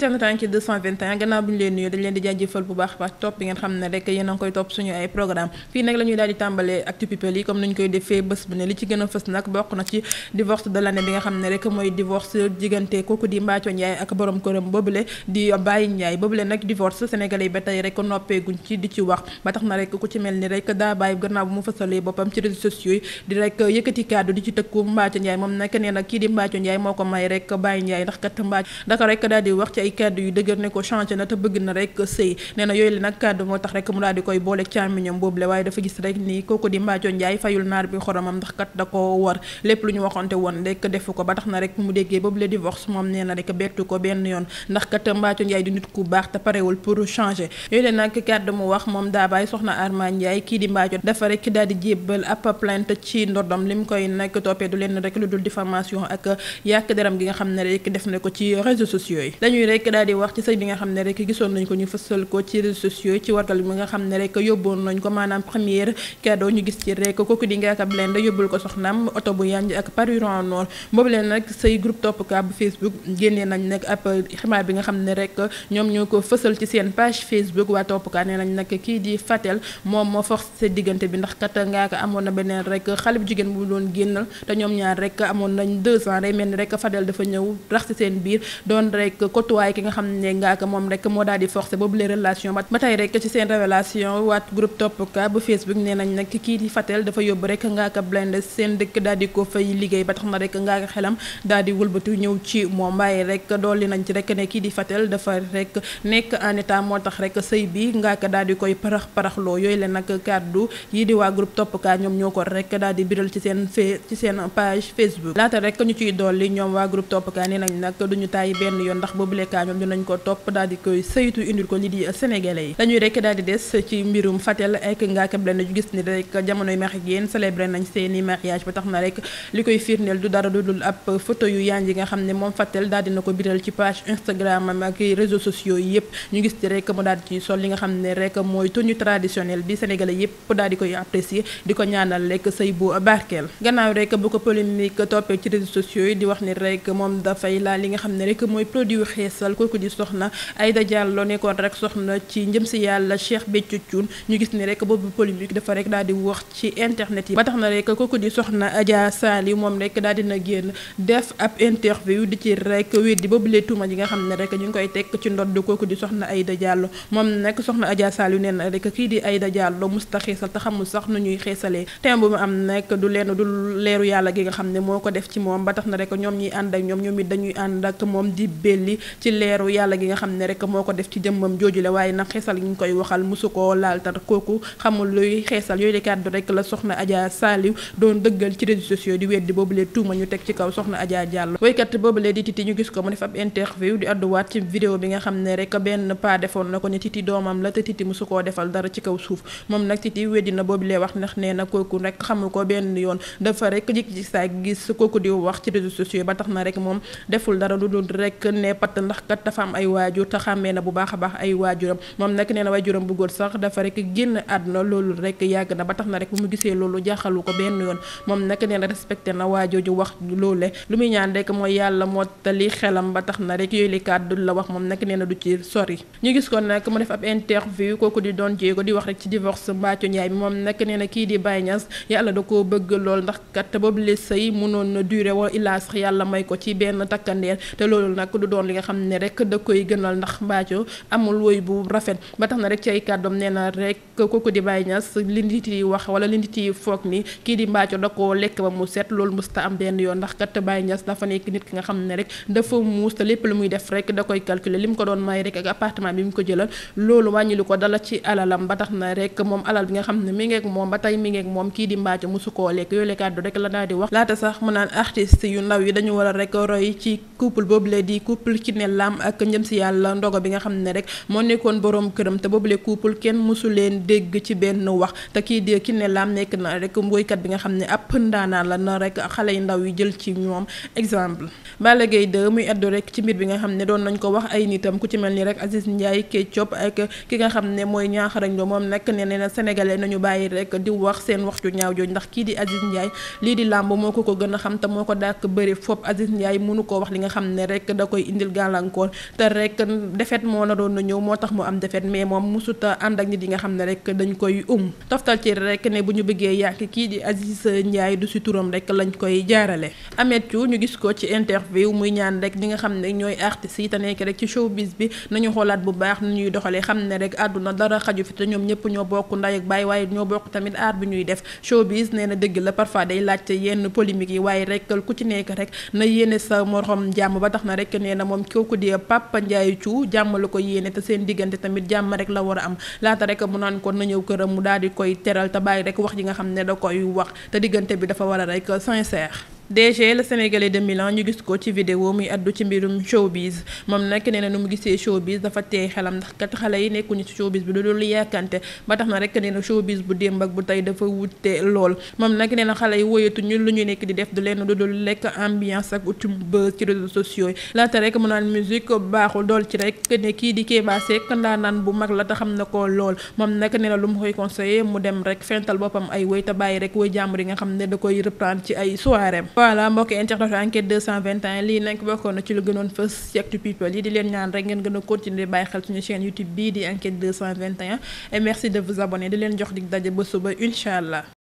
gannaaw bu leen nuyoo dañ leen di jaajëfal bu baax baax topp bi ngeen xam ne rek yéen koy topp suñu ay programme fii nag la ñuy tàmbalee actu people yi comme nañu koy defee bés bu ne li ci gën fës nag bokk na ci divorce de bi nga xam ne rek mooy divorce diggante kooku di Mbathio Ndiaye ak borom këram boobule di Baye Ndiaye boobule nag divorce sénégalais ba tey rek noppeeguñ ci di ci wax ba tax na rek ku ci mel ni rek daa bàyyi gannaaw da ko rek daal ay kàddu yu dëgër ne ko changé na te bëgg na rek sëy nee na yooyu moo tax rek mu daal di koy boole càmmiñam boobule waaye dafa gis rek ni kooku di Mbathio Ndiaye fayul naar bi xoromam ndax kat da ko war lépp lu ñu waxante woon rek defu ko ba tax na rek mu déggee boobule divorce moom nee na rek bettu ko benn yoon ndax kat Mbathio Ndiaye di nit ku baax te parewul pour changer yooyu la nag kàddu mu wax moom daa bàyyi soxna Arma Ndiaye kii di Mbathio dafa rek daal di jébbal ab plainte ci ndordom lim koy nag toppee du lenn rek lu dul di diffamation ak yàq deram gi nga xam ne rek def na ko ci réseaux sociaux yi rek daal di wax ci sëy bi nga xam ne rek gisoon nañ ko ñu fësal ko ci réseaux sociaux ci wargal bi nga xam ne rek yóbboon nañ ko maanaam première cadeau ñu gis ci rek kooku di Ngaaka Blindé yóbbul ko soxnaam oto bu yànj ak parure en or boobu leen nag sëy groupe topp ka bu Facebook génnee nañ nag ab xibaar bi nga xam ne rek ñoom ñoo ko fësal ci seen page Facebook waa topp ka nee nañ nag kii di Fatel moom moo sa diggante bi ndax kat Ngaaka amoon na beneen rek xale bu jigéen bu doon génnal te ñoom ñaar rek amoon nañ deux ans day mel ni rek Fatel dafa ñëw rax ci seen biir doon rek waaye ki nga xam ne Ngaaka moom rek moo daal di forcé boobu les relation ba ba tey rek ci seen révélation waat groupe toppka bu Facebook nee nag rek Ngaaka blindé seen dëkk daal di ko fay liggéey ba tax na rek Ngaaka xelam daal di wëlbatu ñëw ci moom waaye rek dolli nañ ci rek ne kii di Fatel dafa rek nekk en état moo tax rek sëy bi Ngaaka daal di koy parax paraxloo yooyu la nag kàddu yi di waa groupe toppka ñoom ñoo ko rek daal di biral ci seen fee ci seen page Facebook laata rek ñu ciy dolli ñoom waa groupe duñu tàyyi benn yoon ndax boobu rek ñoom dinañ ko topp daal di koy saytu indil ko lii di sénégalais yi dañuy rek daal di des ci mbirum Fatel ak Ngaaka Blindé ñu gis ni rek jamonoy meex ak yéen célébré nañ seeni mariage ba tax na rek li koy firndeel du dara dudul ab photo yu yaan nga xam ne moom Fatel daal dina ko biral ci page Instagram ak réseaux sociaux yi yëpp ñu gis ni rek mu daal ci sol li nga xam ne rek mooy tenue traditionnelle bi sénégalais yëpp daal koy apprécier di ko ñaanal rek sëy bu barkeel gannaaw rek yeesal kooku di soxna Aïda Diallo nekkoon rek soxna ci njëm si yàlla Cheikh Béthio Thioune ñu gis ni rek boobu polémique dafa rek daal di wax ci internet yi ba tax na rek kooku di soxna Adja Sali moom rek daal dina génn def ab interview di ci rek weddi boobu lee tuuma yi nga xam ne rek ñu ngi koy teg ci ndodd kooku di soxna Aïda Diallo moom nag soxna Adja Sali nee na rek kii di Aïda Diallo musta xeesal te xamul sax nu ñuy xeesalee tem bu mu am nag du leen du leeru yàlla gi nga xam ne moo ko def ci moom ba tax na rek ñoom ñuy ànd ak ñoom ñoom it dañuy ànd ak moom di belli ci leeru yàlla gi nga xam ne rek moo ko def ci jëmmam jooju la waaye nag xeesal gi ñu koy waxal mosu koo laal tar kooku xamul luy xeesal yooyu kàddu rek la soxna Adja Saliou doon dëggal ci réseaux sociaux di weddi boobule tuuma ñu teg ci kaw soxna Adja Diallo woykat boobule di titi ñu gis ko mu def ab interview di bi nga xam ne rek benn pas defoon na ko ne titi doomam la te titi mosu koo defal dara ci kaw suuf moom nag titi weddi na boobule wax ndax nee na kooku rek xamul ko benn yoon dafa rek jik ci saa gis kooku di wax ci réseaux sociaux ba tax na rek moom deful dara lu dul rek ne pat ndax kat dafa am ay na a baax ay waajuram moom nag nee na waajuram bu góor sax dafa rek génn àdduna loolu rek yàgg na ba tax na rek bu mu gisee loolu jaaxalu wax loole lu muy ñaan rek mooy yàlla mottali xelam ba tax na rek yooyu li kàddu la wax moom nag nee na du ci sori ñu gis ko nag mu def ab interview kooku di doon jéego di wax rek ci divorce Mbathio Ndiaye bi moom nag nee na kii di Baye yàlla da koo bëgg lool ndax kat boobu les sëy mënoon na duré wala illaa sax yàlla may ko ci benn takkandeer te loolu nag du doon li nga xam ne rek da koy gënal ndax Mbathio amul woy bu rafet ba tax na rek ci ay kàddoom nee na rek kooku di Baye Niass li nit yi wax wala li nit yi foog ni kii di Mbathio da mu set loolu mës ta am benn yoon ndax ki nga xam ne rek dafa da koy calculer li mu ko doon may rek ak appartement bi mu ko jëlal loolu wàññi ko dala ci alalam ba tax na rek moom alal bi nga xam ne mi ngeek moom ba tey mi ngeek moom kii di Mbathio musu koo lekk yooyu kàddu rek la daal di wax laata sax mu naan artiste yu ndaw yi dañu war a rek roy ci laam ak njëm si yàlla ndogo bi nga xam ne rek moo nekkoon borom këram te boobule couple kenn mosu leen dégg ci benn wax te kii di Kiné Lam nekk na rek woykat bi nga xam ne ab ndaanaan la na rek xale yu ndaw yi jël ci ñoom exemple Balla Gaye 2 muy addu rek ci mbir bi nga xam ne doon nañ ko wax ay nitam ku ci mel ni rek Aziz Ndiaye Ketchup ki nga xam ne mooy ñaaxarañ lo moom nag ne na sénégalais nañu bàyyi rek di wax seen wax ju ñaaw jooju ndax kii di Aziz Ndiaye lii di làmb moo ko ko gën a xam te moo ko dàkk bëri fop Aziz Ndiaye mënu koo wax li nga xam ne rek da koy indil gàllankoor gàllankoor te rek defet moo na doon na ñëw moo tax mu am defet mais moom musuta ànd ak nit yi xam ne rek dañ koy um toftal ci rek ne bu ñu bëggee yàq kii di Aziz Ndiaye du si turam rek lañ koy jaarale Ameth Thiou ñu gis ko ci interview muy ñaan rek ñi nga xam ne ñooy artistes yi te nekk rek ci showbiz bi nañu xoolaat bu baax nu ñuy doxalee xam ne rek àdduna dara xaju fi te ñoom ñëpp ñoo bokk nday ak baay waaye ñoo bokk tamit aar bi ñuy def showbiz nee na dëgg kooku di Papa Ndiaye Thiou jàmm la ko yéene te seen diggante tamit jàmm rek la war a am laata rek mu naan ko na ñëw këram mu daal di koy teral te bàyyi rek wax ji nga xam ne da koy wax te diggante bi dafa war a rek sincère DG le Sénégalais de Milan ñu gis ko ci vidéo muy addu ci mbirum bis moom nag nee na nu mu gisee showbiz dafa teey xelam ndax kat xale yi nekkuñu ci showbiz bi lu dul yàkkante ba tax na rek nee na showbiz bu démb ak bu tey dafa wute lool moom nag nee na xale yi woyatuñu lu ñuy nekk di def du leen lu dul lekk ambiance ak utum buzz ci réseaux sociaux yi laata rek mu naan musique baaxul dool ci rek kii di Kéba Seck ndaanaan bu mag la te xam na ko lool moom nag nee na lu mu koy conseillé mu dem rek fental boppam ay woy te bàyyi rek woy jàmbur yi nga xam ne da koy reprendre ci ay soirée voilà mbokk internet enquête 221 lii nag bokkoon na ci lu gënoon fës ci actu people yi di leen ñaan rek ngeen gën a continuer bàyyi xel suñu chaîne YouTube bii di enquête 221 et merci de vous di leen jox dig daje ba suba incha allah.